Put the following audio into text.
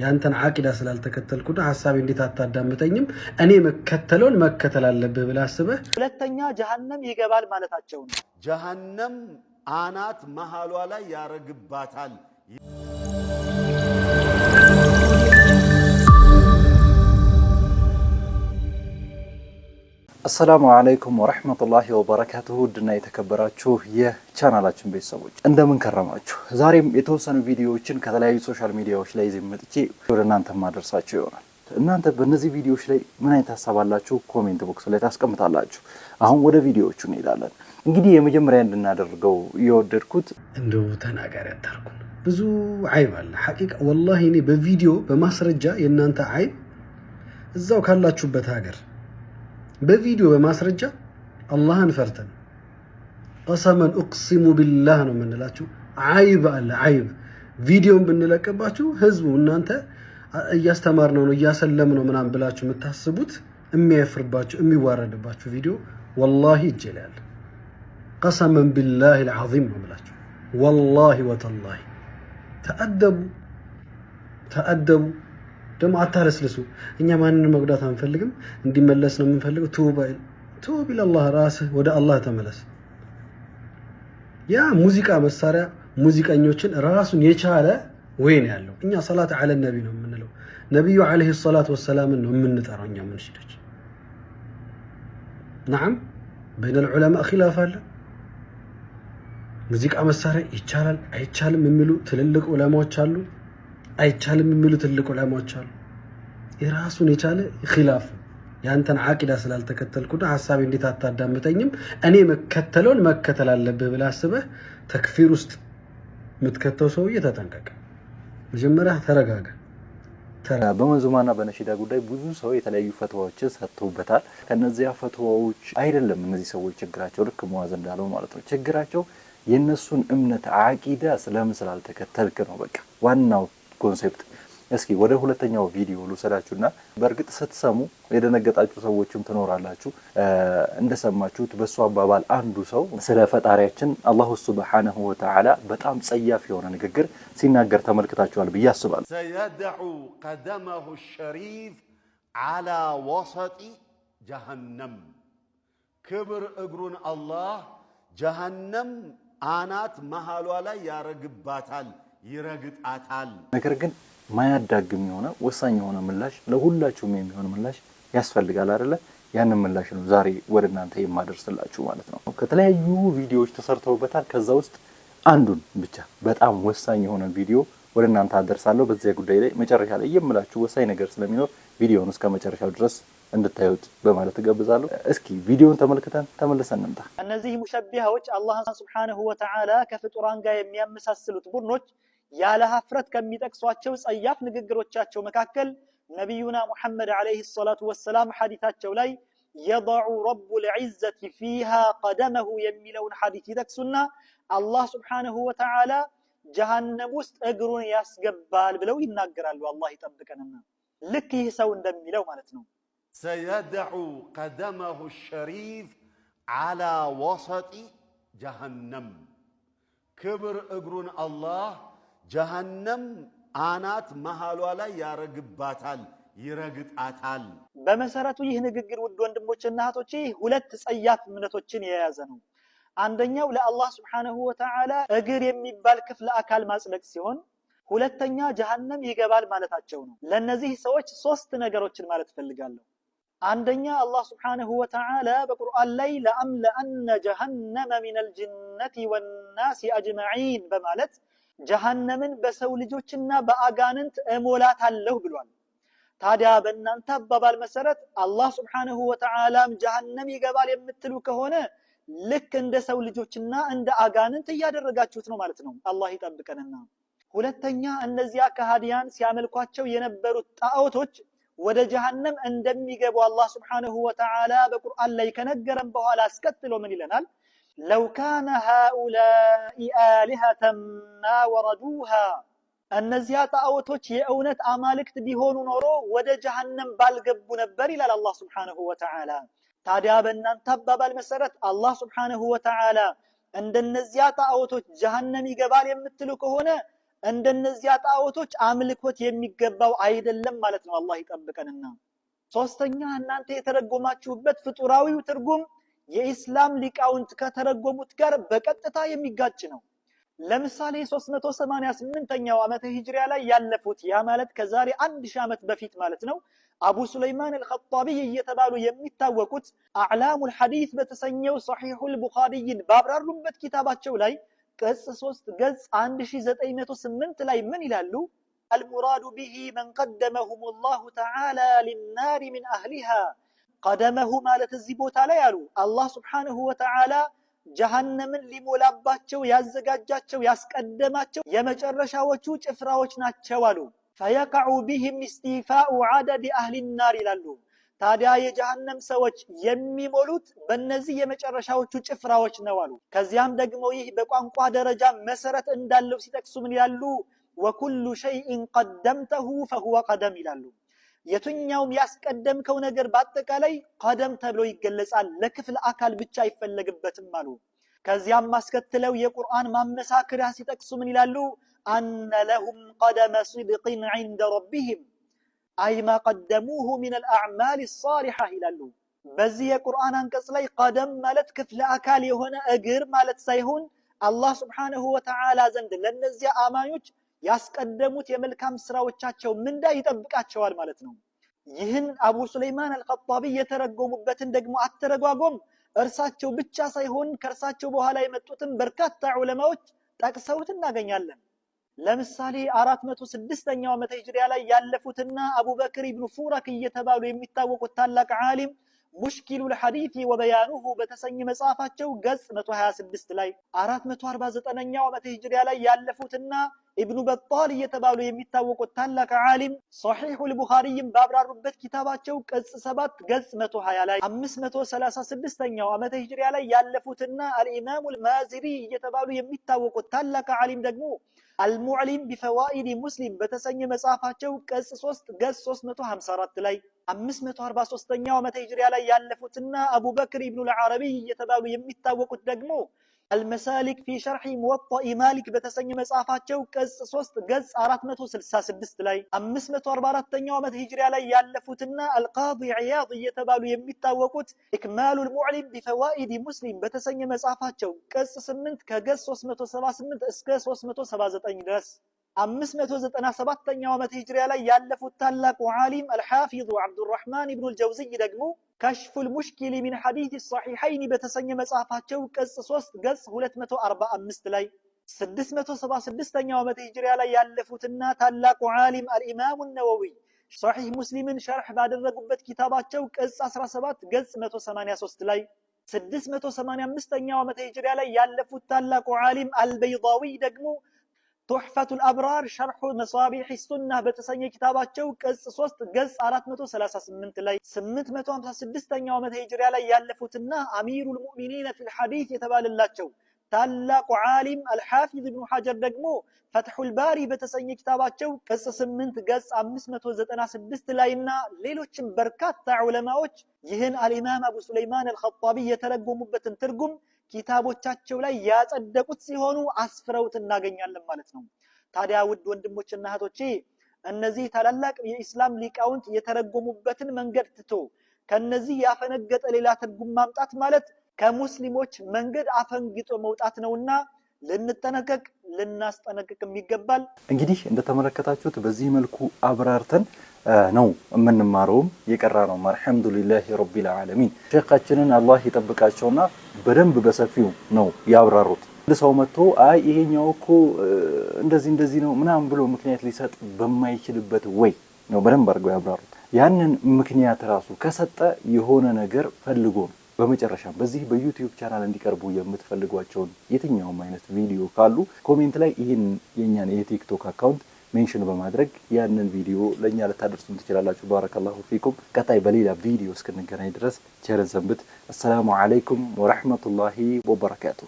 ያንተን አቂዳ ስላልተከተልኩና ሀሳቤ እንዴት አታዳምጠኝም? እኔ መከተለውን መከተል አለብህ ብለህ አስበህ ሁለተኛ ጀሀነም ይገባል ማለታቸው ነው። ጀሀነም አናት መሀሏ ላይ ያረግባታል። አሰላሙ አለይኩም ወረህመቱላሂ ወበረካቱሁ ውድና የተከበራችሁ የቻናላችን ቤተሰቦች እንደምን ከረማችሁ። ዛሬም የተወሰኑ ቪዲዮዎችን ከተለያዩ ሶሻል ሚዲያዎች ላይ ይዤ መጥቼ ወደ እናንተ ማደርሳቸው ይሆናል። እናንተ በእነዚህ ቪዲዮዎች ላይ ምን አይነት ሀሳብ አላችሁ? ኮሜንት ቦክስ ላይ ታስቀምጣላችሁ። አሁን ወደ ቪዲዮዎቹ እንሄዳለን። እንግዲህ የመጀመሪያ እንድናደርገው የወደድኩት እንደው ተናጋሪ አታርኩም። ብዙ አይብ አለ ሐቂቃ ወላሂ እኔ በቪዲዮ በማስረጃ የእናንተ አይብ እዛው ካላችሁበት ሀገር በቪዲዮ በማስረጃ አላህን ፈርተን ቀሰመን እቅሲሙ ቢላህ ነው የምንላችሁ። አይብ አለ አይብ። ቪዲዮን ብንለቅባችሁ ህዝቡ እናንተ እያስተማርነው ነው እያሰለምነው ምናምን ብላችሁ የምታስቡት የሚያፍርባችሁ የሚዋረድባችሁ ቪዲዮ ወላሂ እጄ ቀሰመን ቢላህ ልዓዚም ነው የምላችሁ። ወላሂ ወተላሂ ተአደቡ ተአደቡ ደግሞ አታለስልሱ። እኛ ማንን መጉዳት አንፈልግም፣ እንዲመለስ ነው የምንፈልገው። ቱብ ኢለላህ፣ ራስህ ወደ አላህ ተመለስ። ያ ሙዚቃ መሳሪያ ሙዚቀኞችን ራሱን የቻለ ወይ ነው ያለው። እኛ ሰላት አለ ነቢ ነው የምንለው። ነቢዩ ዓለይሂ ሰላት ወሰላምን ነው የምንጠራው እኛ ሙንሽዶች። ናዓም በይነል ዑለማ ኪላፍ አለ። ሙዚቃ መሳሪያ ይቻላል አይቻልም የሚሉ ትልልቅ ዑለማዎች አሉ። አይቻልም የሚሉ ትልቅ ዑለማዎች አሉ። የራሱን የቻለ ኪላፍ የአንተን አቂዳ ስላልተከተልኩና ሀሳቤ እንዴት አታዳምጠኝም? እኔ መከተለውን መከተል አለብህ ብለህ አስበህ ተክፊር ውስጥ የምትከተው ሰውዬ ተጠንቀቀ። መጀመሪያ ተረጋጋ። በመንዙማና በነሽዳ ጉዳይ ብዙ ሰው የተለያዩ ፈትዋዎችን ሰጥተውበታል። ከነዚያ ፈትዋዎች አይደለም እነዚህ ሰዎች ችግራቸው ልክ መዋዝ እንዳለው ማለት ነው። ችግራቸው የእነሱን እምነት አቂዳ ስለምን ስላልተከተልክ ነው። በቃ ዋናው ኮንሴፕት። እስኪ ወደ ሁለተኛው ቪዲዮ ልውሰዳችሁና በእርግጥ ስትሰሙ የደነገጣችሁ ሰዎችም ትኖራላችሁ። እንደሰማችሁት በእሱ አባባል አንዱ ሰው ስለ ፈጣሪያችን አላሁ ስብሓነሁ ወተዓላ በጣም ጸያፍ የሆነ ንግግር ሲናገር ተመልክታችኋል ብዬ አስባለሁ። ሰየደዑ ቀደመሁ ሸሪፍ ዓላ ወሰጢ ጀሃነም፣ ክብር እግሩን አላህ ጀሃነም አናት መሃሏ ላይ ያረግባታል ይረግጣታል። ነገር ግን ማያዳግም የሆነ ወሳኝ የሆነ ምላሽ ለሁላችሁም የሚሆን ምላሽ ያስፈልጋል አይደለ? ያንን ምላሽ ነው ዛሬ ወደ እናንተ የማደርስላችሁ ማለት ነው። ከተለያዩ ቪዲዮዎች ተሰርተውበታል። ከዛ ውስጥ አንዱን ብቻ በጣም ወሳኝ የሆነ ቪዲዮ ወደ እናንተ አደርሳለሁ። በዚያ ጉዳይ ላይ መጨረሻ ላይ የምላችሁ ወሳኝ ነገር ስለሚኖር ቪዲዮውን እስከ መጨረሻው ድረስ እንድታዩት በማለት እጋብዛለሁ። እስኪ ቪዲዮውን ተመልክተን ተመልሰን እንምጣ። እነዚህ ሙሸቢሃዎች አላህ ሱብሓነሁ ወተዓላ ከፍጡራን ጋር የሚያመሳስሉት ቡድኖች ያለ ሀፍረት ከሚጠቅሷቸው ጸያፍ ንግግሮቻቸው መካከል ነቢዩና ሙሐመድ ዓለይሂ ሰላቱ ወሰላም ሐዲታቸው ላይ የደዑ ረቡል ዒዘቲ ፊሃ ቀደመሁ የሚለውን ሐዲት ይጠቅሱና አላህ ስብሓነሁ ወተዓላ ጀሃነም ውስጥ እግሩን ያስገባል ብለው ይናገራሉ። አላህ ይጠብቀንና ልክ ይህ ሰው እንደሚለው ማለት ነው። ሰየደዑ ቀደመሁ ሸሪፍ ዓላ ወሰጢ ጀሃነም ክብር እግሩን አላህ ጀሃነም አናት መሃሏ ላይ ያረግባታል፣ ይረግጣታል። በመሰረቱ ይህ ንግግር ውድ ወንድሞችና እህቶች ሁለት ጸያፍ እምነቶችን የያዘ ነው። አንደኛው ለአላህ ስብሓነሁ ወተዓላ እግር የሚባል ክፍለ አካል ማጽለቅ ሲሆን ሁለተኛ ጀሃነም ይገባል ማለታቸው ነው። ለእነዚህ ሰዎች ሶስት ነገሮችን ማለት እፈልጋለሁ። አንደኛ አላህ ስብሓነሁ ወተዓላ በቁርአን ላይ ለአምለአነ ጀሃነመ ሚነል ጅነቲ ወናሲ አጅመዒን በማለት ጀሃነምን በሰው ልጆችና በአጋንንት እሞላታለሁ ብሏል። ታዲያ በእናንተ አባባል መሰረት አላህ ሱብሓነሁ ወተዓላም ጀሃነም ይገባል የምትሉ ከሆነ ልክ እንደ ሰው ልጆችና እንደ አጋንንት እያደረጋችሁት ነው ማለት ነው። አላህ ይጠብቀንና። ሁለተኛ እነዚያ ከሃዲያን ሲያመልኳቸው የነበሩት ጣዖቶች ወደ ጀሃነም እንደሚገቡ አላህ ሱብሓነሁ ወተዓላ በቁርአን ላይ ከነገረን በኋላ አስከትሎ ምን ይለናል? ለው ካነ ሃኡላኢ አሊሀተን ማ ወረዱሃ እነዚያ ጣዖቶች የእውነት አማልክት ቢሆኑ ኖሮ ወደ ጀሃነም ባልገቡ ነበር ይላል አላህ ስብሓነሁ ወተዓላ። ታዲያ በእናንተ አባባል መሰረት አላህ ስብሓነሁ ወተዓላ እንደነዚያ ጣዖቶች ጀሃነም ይገባል የምትሉ ከሆነ እንደነዚያ ጣዖቶች አምልኮት የሚገባው አይደለም ማለት ነው። አላህ ይጠብቀንና ሶስተኛ እናንተ የተረጎማችሁበት ፍጡራዊው ትርጉም የኢስላም ሊቃውንት ከተረጎሙት ጋር በቀጥታ የሚጋጭ ነው። ለምሳሌ 388ኛው ዓመተ ሂጅሪያ ላይ ያለፉት ያ ማለት ከዛሬ አንድ ሺህ ዓመት በፊት ማለት ነው። አቡ ሱለይማን አልኸጣቢይ እየተባሉ የሚታወቁት አዕላሙል ሐዲስ በተሰኘው ሰሒሑል ቡኻሪይን ባብራሩበት ኪታባቸው ላይ ቅጽ 3 ገጽ 1908 ላይ ምን ይላሉ? አልሙራዱ ቢሂ መን ቀደመሁም ላሁ ተዓላ ሊናሪ ምን አህሊሃ ቀደመሁ ማለት እዚህ ቦታ ላይ አሉ አላህ ስብሓነሁ ወተዓላ ጀሃነምን ሊሞላባቸው ያዘጋጃቸው ያስቀደማቸው የመጨረሻዎቹ ጭፍራዎች ናቸው አሉ። ፈየቀዑ ቢህም ኢስቲፋኡ ዓደድ አህሊ ናር ይላሉ። ታዲያ የጀሃነም ሰዎች የሚሞሉት በእነዚህ የመጨረሻዎቹ ጭፍራዎች ነው አሉ። ከዚያም ደግሞ ይህ በቋንቋ ደረጃ መሰረት እንዳለው ሲጠቅሱ ምን ይላሉ? ወኩሉ ሸይኢን ቀደምተሁ ፈሁወ ቀደም ይላሉ። የትኛውም ያስቀደምከው ነገር በአጠቃላይ ቀደም ተብሎ ይገለጻል። ለክፍል አካል ብቻ አይፈለግበትም አሉ። ከዚያም አስከትለው የቁርአን ማመሳከሪያ ሲጠቅሱ ምን ይላሉ? አነ ለሁም ቀደመ ስድቅን ዒንደ ረቢህም አይማ ቀደሙሁ ሚነል አዕማል ሳሊሓ ይላሉ። በዚህ የቁርአን አንቀጽ ላይ ቀደም ማለት ክፍለ አካል የሆነ እግር ማለት ሳይሆን አላህ ስብሓነሁ ወተዓላ ዘንድ ለእነዚያ አማኞች ያስቀደሙት የመልካም ስራዎቻቸው ምንዳ ይጠብቃቸዋል ማለት ነው። ይህን አቡ ሱለይማን አልኸጣቢ የተረጎሙበትን ደግሞ አተረጓጎም እርሳቸው ብቻ ሳይሆን ከእርሳቸው በኋላ የመጡትን በርካታ ዑለማዎች ጠቅሰውት እናገኛለን። ለምሳሌ አራት መቶ ስድስተኛው ዓመተ ሂጅሪያ ላይ ያለፉትና አቡበክር ኢብኑ ፉረክ እየተባሉ የሚታወቁት ታላቅ ዓሊም ሙሽኪሉል ሐዲት ወበያኑሁ በተሰኘ መጽሐፋቸው ገጽ 126 ላይ 449ኛው ዓመተ ሂጅሪያ ላይ ያለፉትና ኢብኑ በጣል እየተባሉ የሚታወቁት ታላቅ ዓሊም ሰሒሑል ቡኻሪይም ባብራሩበት ኪታባቸው ቅጽ 7 ገጽ 120 ላይ 536ኛው ዓመተ ሂጅሪያ ላይ ያለፉትና አልኢማሙ ማዚሪ እየተባሉ የሚታወቁት ታላቅ ዓሊም ደግሞ አልሙዕሊም ቢፈዋኢድ ሙስሊም በተሰኘ መጽሐፋቸው ቀጽ 3 ገጽ 354 ላይ 543ኛው ዓመተ ሂጅሪያ ላይ ያለፉትና አቡበክር ኢብኑል ዓረቢይ እየተባሉ የሚታወቁት ደግሞ አልመሳሊክ ፊ ሸርሒ ሙወጣኢ ማሊክ በተሰኘ መጽሐፋቸው ገጽ 3 ገጽ 466 ላይ 544ኛው ዓመት ሂጅሪያ ላይ ያለፉትና አልቃዲ ዕያድ እየተባሉ የሚታወቁት ኢክማሉል ሙዕሊም ቢፈዋኢድ ሙስሊም በተሰኘ መጽሐፋቸው ገጽ 8 ከገጽ 378 እስከ 379 ድረስ አምስት መቶ ዘጠና ሰባተኛው ዓመት ሂጅሪያ ላይ ያለፉት ታላቁ ዓሊም አልሓፊዙ ዓብዱራሕማን ኢብኑል ጀውዚይ ደግሞ ከሽፉል ሙሽኪል ሚን ሐዲት ሰሒሐይን በተሰኘ መጽሐፋቸው ቅጽ 3 ገጽ 245 ላይ 676ኛው ዓመት ሂጅሪያ ላይ ያለፉትና ታላቁ ዓሊም አልኢማሙ ነወዊይ ሰሒህ ሙስሊምን ሸርሕ ባደረጉበት ኪታባቸው ገጽ 17 ገጽ 183 ላይ 685ኛው ዓመት ሂጅሪያ ላይ ያለፉት ታላቁ ዓሊም አልበይዳዊይ ደግሞ ቱሕፈቱል አብራር ሸርሑ መሳቢሕ ሱና በተሰኘ ኪታባቸው ቅጽ 3 ገጽ 438 ላይ 856ኛው ዓመተ ሂጅራ ላይ ያለፉትና አሚሩል ሙእሚኒን ፊል ሐዲስ የተባለላቸው ታላቁ ዓሊም አልሐፊዝ ኢብኑ ሐጀር ደግሞ ፈትሑል ባሪ በተሰኘ ኪታባቸው ቅጽ 8 ገጽ 596 ላይና ሌሎችም በርካታ ዑለማዎች ይህን አልኢማም አቡ ሱለይማን አልኸጣቢ የተረጎሙበትን ትርጉም ኪታቦቻቸው ላይ ያጸደቁት ሲሆኑ አስፍረውት እናገኛለን ማለት ነው። ታዲያ ውድ ወንድሞችና እህቶቼ እነዚህ ታላላቅ የኢስላም ሊቃውንት የተረጎሙበትን መንገድ ትቶ ከነዚህ ያፈነገጠ ሌላ ትርጉም ማምጣት ማለት ከሙስሊሞች መንገድ አፈንግጦ መውጣት ነውና ልንጠነቀቅ ልናስጠነቅቅ የሚገባል። እንግዲህ እንደተመለከታችሁት በዚህ መልኩ አብራርተን ነው የምንማረውም የቀራ ነው። አልሐምዱሊላህ ረቢል ዓለሚን ሼካችንን አላህ ይጠብቃቸውና በደንብ በሰፊው ነው ያብራሩት። አንድ ሰው መጥቶ አይ ይሄኛው እኮ እንደዚህ እንደዚህ ነው ምናምን ብሎ ምክንያት ሊሰጥ በማይችልበት ወይ ነው በደንብ አድርገው ያብራሩት። ያንን ምክንያት ራሱ ከሰጠ የሆነ ነገር ፈልጎ ነው በመጨረሻም በዚህ በዩቲዩብ ቻናል እንዲቀርቡ የምትፈልጓቸውን የትኛውም አይነት ቪዲዮ ካሉ ኮሜንት ላይ ይህን የእኛን የቲክቶክ አካውንት ሜንሽን በማድረግ ያንን ቪዲዮ ለእኛ ልታደርሱን ትችላላችሁ። ባረከላሁ ፊኩም። ቀጣይ በሌላ ቪዲዮ እስክንገናኝ ድረስ ቸርን ሰንብት። አሰላሙ አለይኩም ወረሕመቱላሂ ወበረካቱ።